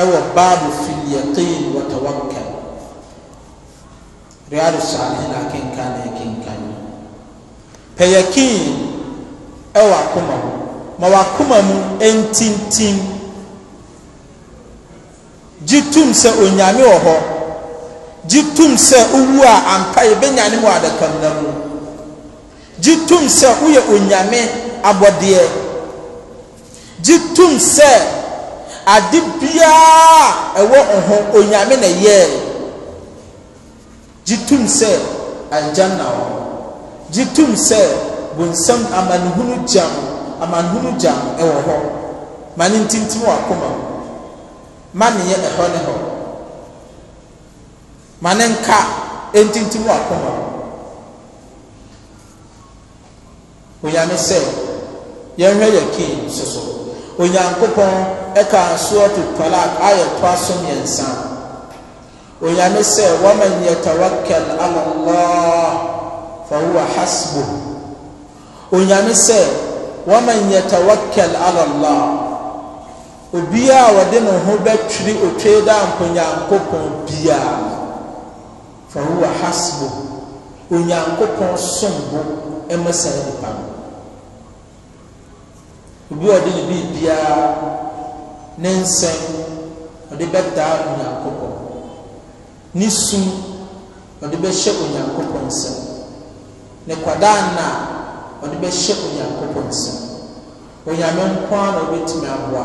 ɛwɔ baabu filiyatin watawakkal riyadu salihin akenkan na ɛkenkan pɛyakin ɛwɔ akoma e mu ma wɔ akoma mu ntintim gye tum sɛ onyame wɔ hɔ gye tum sɛ owu a ampa yɛbɛnya ne mu adaka na mu gye tum sɛ woyɛ onyame abɔdeɛ gye tom sɛ ade biara a ɛwɔ ɔho onyame na yɛɛ gye tom sɛ aljanna hɔ gye tom sɛ bonsam amanehunu gyam amanehunu gyam ɛwɔ hɔ ma ne ntintim wɔ akoma mu ma ne yɛ ɛhɔ ne hɔ ma ne nka ntintim wɔ akoma mu onyame sɛ yɛnhwɛ yɛ kii soso onyankopɔn ɛka suratu talak ayɛ toa so mmiɛnsa onyame sɛ waman yatawakkal ala allah fa huwa hasbu onyame sɛ waman yatawakkal ala allah obiaa wɔde ne ho bɛtwiri otwee da mponyankopɔn biaa fa huwa hasbu onyankopɔn sombo ɛmɛ sɛ nipa no obi a ɔde ne biribiara ne nsɛm ɔde bɛtaa onyankopɔn ne sum ɔde bɛhyɛ onyankopɔn nsɛm ne kwadaa nna ɔde bɛhyɛ onyankopɔn nsɛm onyame nko ara na ɔbɛtumi aboa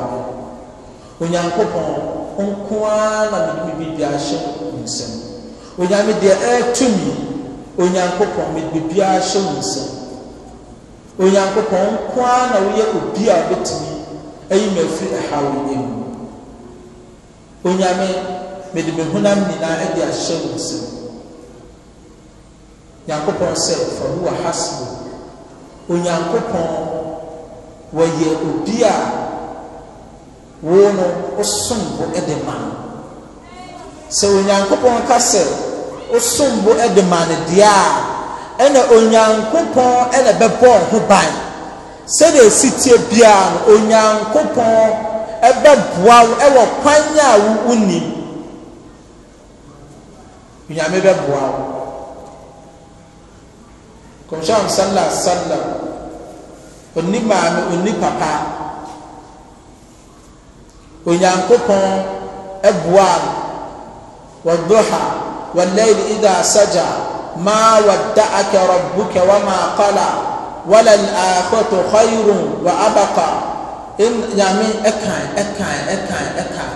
me onyankopɔn nko ara na mede me biribiara hyɛ nsɛm onyame deɛ ɛretumi onyankopɔn mede biribiara hyɛ nsɛm onyankopɔn nko ara na woyɛ obi a wobɛtumi ayi ma afiri ɛhaw nyɛ mu onyame mede me honam nyinaa de ahyɛ wo nsam nyankopɔn sɛ fa huwa hasbo onyankopɔn wɔyɛ obi a wo no wosom bo de ma no sɛ onyankopɔn ka sɛ wosom bo de ma no deɛ a ɛna onyankopɔn ɛna bɛbɔ ho ban sɛdeɛ sitie biara no onyankopɔn ɛbɛboa wo ɛwɔ kwan a wonim nyame bɛboa wo kɔmhyɛn sallah sallah oni maame oni papa onyankopɔn ɛboa no wɔdoha wɔlɛyili ida saja ما ودعك ربك وما قلى وللآخرة خير وأبقى إن يعني أكان أكان أكان أكان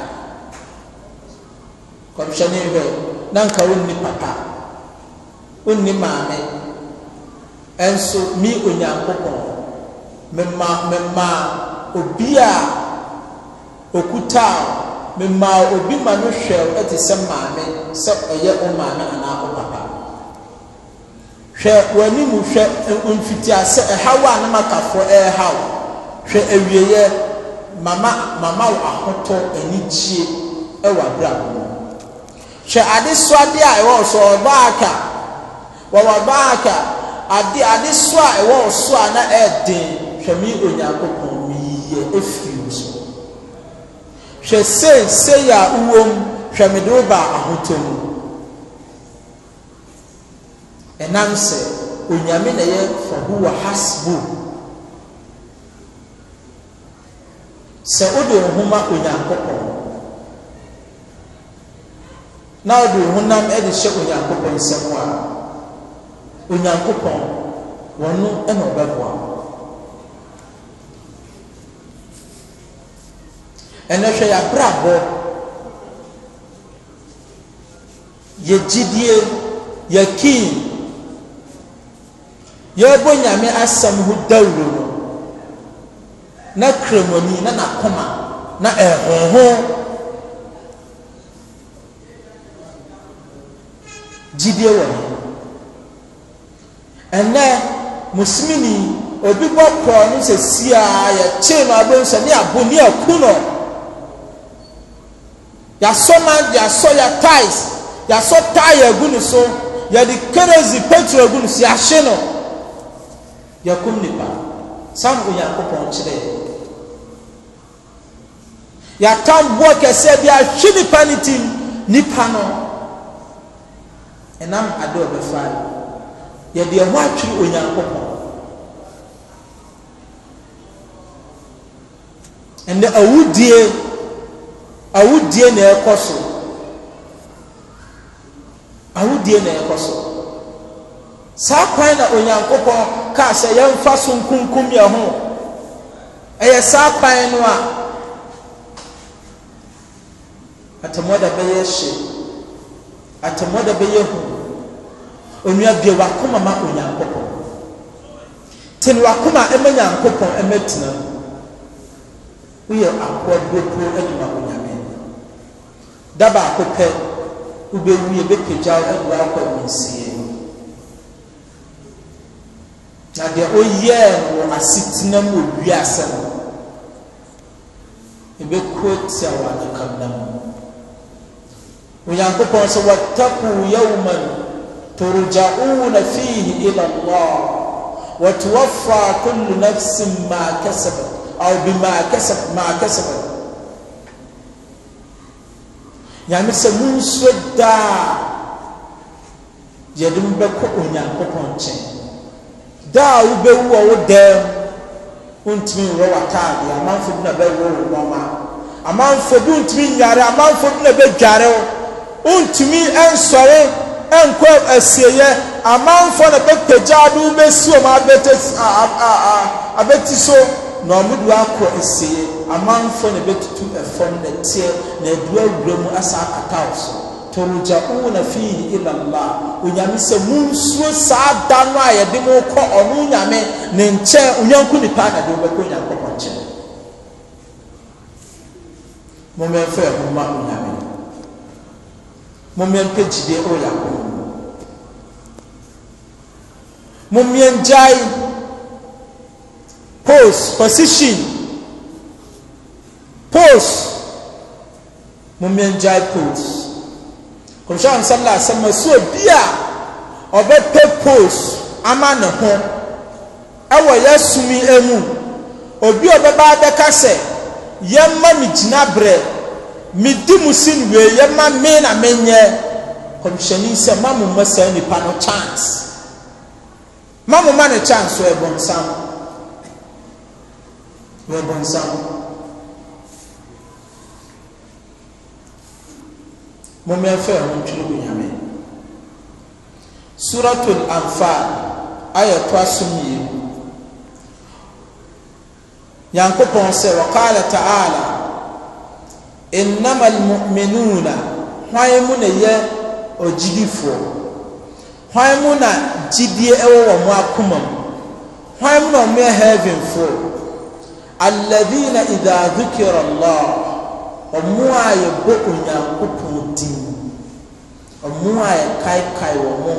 kɔmhyɛne hwɛ na nka wonni papa wonni maame ɛnso me onyankopɔn mema mema obi a okuta mema obi ma no hwɛw ɛte sɛ maame sɛ ɔyɛ wo maame anaa wo papa hwɛ w'anim hwɛ eh, mfitiasɛ ɛhaw a ne makafoɔ ɛrehaw hwɛ awieeɛ mama mama wɔ ahotɔ anigyie ɛwɔ abrabɔ mu hwɛ adesoade a ɛwɔ so ɔbaaka wɔwɔ baaka ade adeso a ɛwɔ so a na ɛɛden hwɛ me onyankopɔn meyiyɛ ɛfiri wo so hwɛ seesei a wowɔ mu hwɛ mede wo ba ahotɔ mu ɛnam sɛ onyame na ɛyɛ fahuwa hasbu sɛ wode wo ho ma onyankopɔn na wode wo honam de hyɛ onyankopɔn nsɛm a onyankopɔn wɔno na ɔbɛboa ɛnɛ hwɛ yɛabrabɔ yɛ gyidie yɛbɔ nyame asɛm ho dawuro no na kramoni na nakoma na ɛhoho gyidie wɔ no ɛnɛ musumini obi bɔ pɔɔ no sɛ siaa yɛkyee no abɛnsɛ ne abo ne aku no yɛasɔ ma yɛasɔ yɛ ties yɛasɔ tae agu ne so yɛde kerezi petro agu ne so yɛahye no yɛkom nnipa saa na onyankopɔn kyerɛɛ yɛatamboɔ kɛseɛ bi ahwe nnipa no tim nnipa no ɛnam ade ɔbɛfae yɛde ɛho atwere onyankopɔn ɛnɛ awudie awudie na ɛkɔ so awudie na ɛkɔ so saa kwan na onyankopɔn ɔkaa hyɛ yɛmfa so nkunkum yɛ ho ɛyɛ saa kwan no a atemɔda bɛyɛ hye atemɔda bɛyɛ hu onua bie wakoma ma onyankopɔn tene wakoma ɛma nyankopɔn ɛma tena woyɛ akoa dodoɔ adwuma onyame da baako pɛ wobɛwie bɛpagyaw aduwa akɔ nsie na deɛ woyɛɛ wɔ asetenam owiasɛno ebɛkɔ tia wɔadekana mu onyankopɔn sɛ watako yawman toroyauna fihi ilallah watowafa kulu nafsin makasabat aw bimaa maa kasebt nyame sɛ munsuo daa yɛdembɛkɔ onyankopɔn kyɛn da e e e a wobɛwu wɔ wo dam wontumi nwurɔ w'ataadeɛ amanfo bi na bɛworo wo nɔma amanfo bi wontumi nyare amanfo bi na bɛdware wo wontumi nsɔre nkɔ asieɛ amanfo na bɛpagya de wobɛsi wɔ ma abɛti so na ɔmode woakɔ asieɛ amanfo na bɛtutu ɛfam na na adu awura mu asa akata wo so turja'una fihi ila Allah onyame sɛ monsuo saa da no a yɛde mo kɔ ɔno nyame ne nkyɛn onyanko nipa na de wobɛkɔ onyankopɔn nkyɛn mommɛmfa ɛho ma onyame mommɛmpa gyidie wɔ yɛakɔ mommɛngyae post position post mommɛngyae post kɔmhyɛn nsɛm la asɛm ɛso obi a ɔbɛpɛ pose ama ne ho ɛwɔ yɛ sumi emu obi a ɔbɛba abɛka sɛ yɛma mi gyina brɛ mi di mu si no wei yɛma mi na mi nyɛ kɔmhyɛnni sɛ ma mo ma saa nipa no chance ma mo ma ne chance wɔ ɛbɔnsam wɔ ɛbɔnsam. mommɛmfa ɛho ntwerɛ onyame suratul anfal ayɛ toa so mmienu nyankopɔn sɛ wakala ta'ala innama almu'minuna hwan mu na yɛ ɔgyidifoɔ hwan mu na gyidie ɛwɔ wɔn mo akoma mu hwan mu na wɔn yɛ heavenfoɔ alladhina idha dhukira allah wɔn a yɛbɔ onyankopɔn mo a yɛ kae kae wɔ mo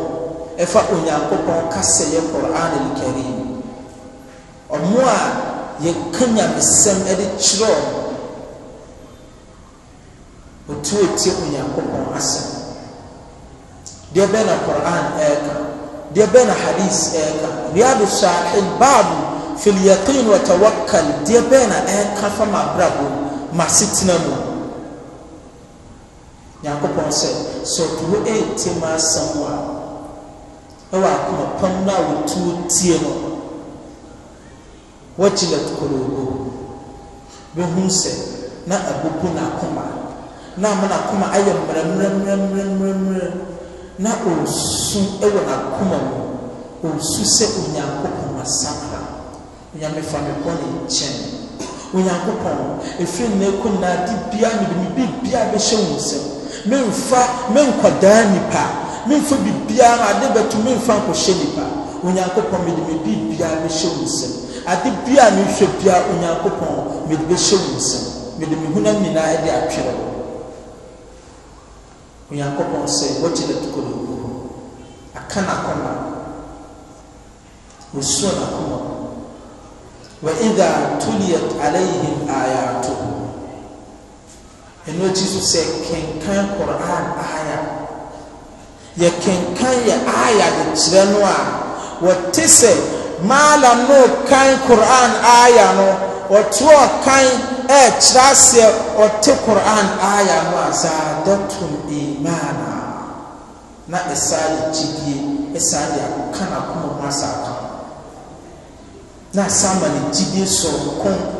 ɛfa onyankopɔn ka sɛyɛ qur'an al karim ɔmo a yɛka nyamesɛm de kyerɛɔ ɔtiɔɛtiɛ onyankopɔn asɛ deɛ bɛɛ ne qur'an ɛɛka deɛ bɛɛ ne hadis ɛɛka riadu saehin bab filyatin watawakal deɛ bɛɛ na ɛɛka fa mabrabo ma setenamu nyankopɔn sɛ sɛ ɔtuo ɛɛtim asɛm a ɛwɔ pam no a wɔtuo tie no wɔgyilat kolobo bɛhu sɛ na abubu n'akoma na ama n'akoma ayɛ mmerɛmmerɛmmerɛmmerɛmmerɛ na ɔresu ɛwɔ n'akoma mu ɔresu sɛ onyankopɔn asakra onyamefa me bɔne nkyɛn onyankopɔn ɛfiri na kɔ nyinaa de bia mede me bebia bɛhyɛ wo nsɛm memfa menkɔdaa nipa memfa biribiara no ade bɛto memfa nkɔhyɛ nipa onyankopɔn mede me biribiara bɛhyɛ wo nsɛm ade bia a mehwɛ biara onyankopɔn mede bɛhyɛ wo nsɛm mede me hunam nyinaa de atwerɛ wo onyankopɔn sɛ wɔgye ne tokoloko aka n'akoma wɔsuo n'akoma wa idha tuliyat alayhim ayatuhu ɛno akyi so sɛ kenkan koran aya yɛ kenkan yɛ aya de kyerɛ no a wɔte sɛ maalam no kan koran aya no ɔto ɔkan ɛɛkyerɛ aseɛ ɔte koran aya no a zaadatum imana na ɛsaa de gyidie ɛsaa de akokana koma mu asaka na saa ma ne gyidie sɔrɔ kɔn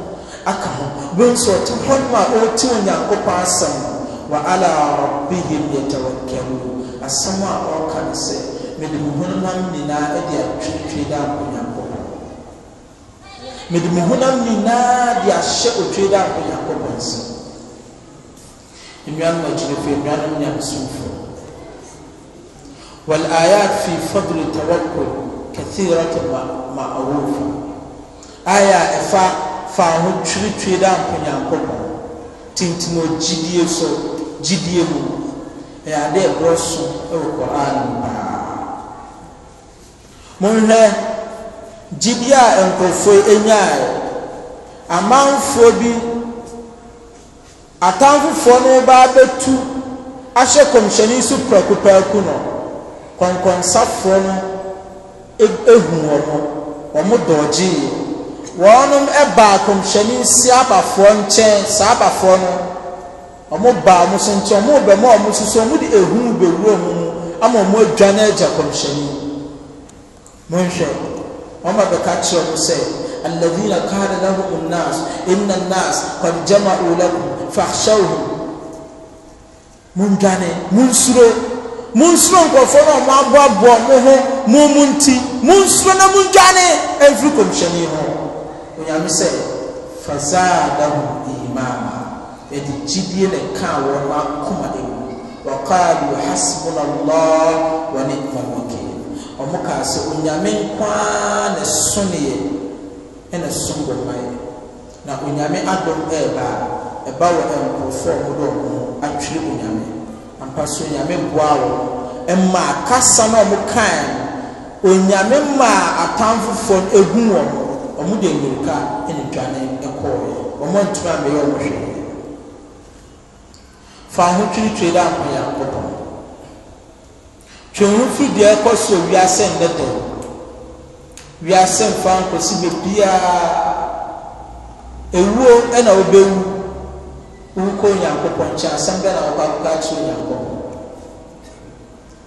aka hobɛ nsu ɔte hɔnm a ɔrti nyankopɔn asɛm no waala rabihim yatawakaluu asɛm a ɔrka no sɛ mede mohonam nyinaa de atwerɛtwe dapɔ nyankopɔn mede mohonam nyinaa de ahyɛ otwre depɔ nyankopɔn sɛ nnuanom akyerɛf nuanom nya sumf wlyat fi fadle tawakul kathiratan mmaawofoyɛɛfa faa ho twiritwiri da nkonyankopɔn tintim gyidie so gyidie mu ɛyɛ ade ɛbrɔ so ɛwɔ koran mu paa monhwɛ gyidie a nkurɔfoɔ anyaeɛ amanfoɔ bi atamfofoɔ no ba abɛtu ahyɛ kɔmhyɛne so prɛkopɛɛko no kɔnkɔnsafoɔ no ehu wɔn wɔn dɔɔgyeeɛ wɔnom ɛbaa kɔmhyɛni si abafoɔ nkyɛn saa abafoɔ no wɔn baa wɔn so nkyɛn wɔn bɛn mu a wɔn soso wɔn de ehu bɛwura wɔn mu ama wɔn adwane agya kɔmhyɛni monhwɛ wɔn a bɛka kyerɛ wɔn sɛ الذين قال لهم الناس إن الناس قد جمعوا لكم فاخشوهم من جاني من سرور munsuro nkurɔfoɔ no a wɔaboaboa mo ho mo mu nti munsuro na mundwane ɛmfiri kɔmhyɛne ho nyame sɛ fazaadahu imama ɛde gyidie ne kaa wɔn akoma ɛmu wakaalu hasbuna allah wa ni'ma wakil wɔn kaa sɛ onyame nkwaa na so ne yɛ ɛna so wɔ mayɛ na onyame adom ɛɛba ɛba wɔ nkurɔfoɔ a wɔde wɔn atwere onyame ampa so onyame boa wɔn mmaa kasa na wɔn kaa no onyame mmaa atamfofoɔ no ehu wɔn ɔmo de mirika ɛne dwane ɛkɔɔɛ ɔmo ntoma mmeyɛ ɔmo hwɛ fa ho twiritwiri dɛ ahonya nkɔbɔ twenho firi deɛ ɛkɔ so wiase nnɛdɛ wiase mfa nkɔsi bebiara ewuo ɛna ɔbɛwu wokɔ onyankopɔ nkyɛn asɛm bɛ na wɔkɔ akokɔ akyerɛ onyankopɔ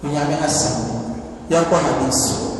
onyame asɛm yɛnkɔ hadesi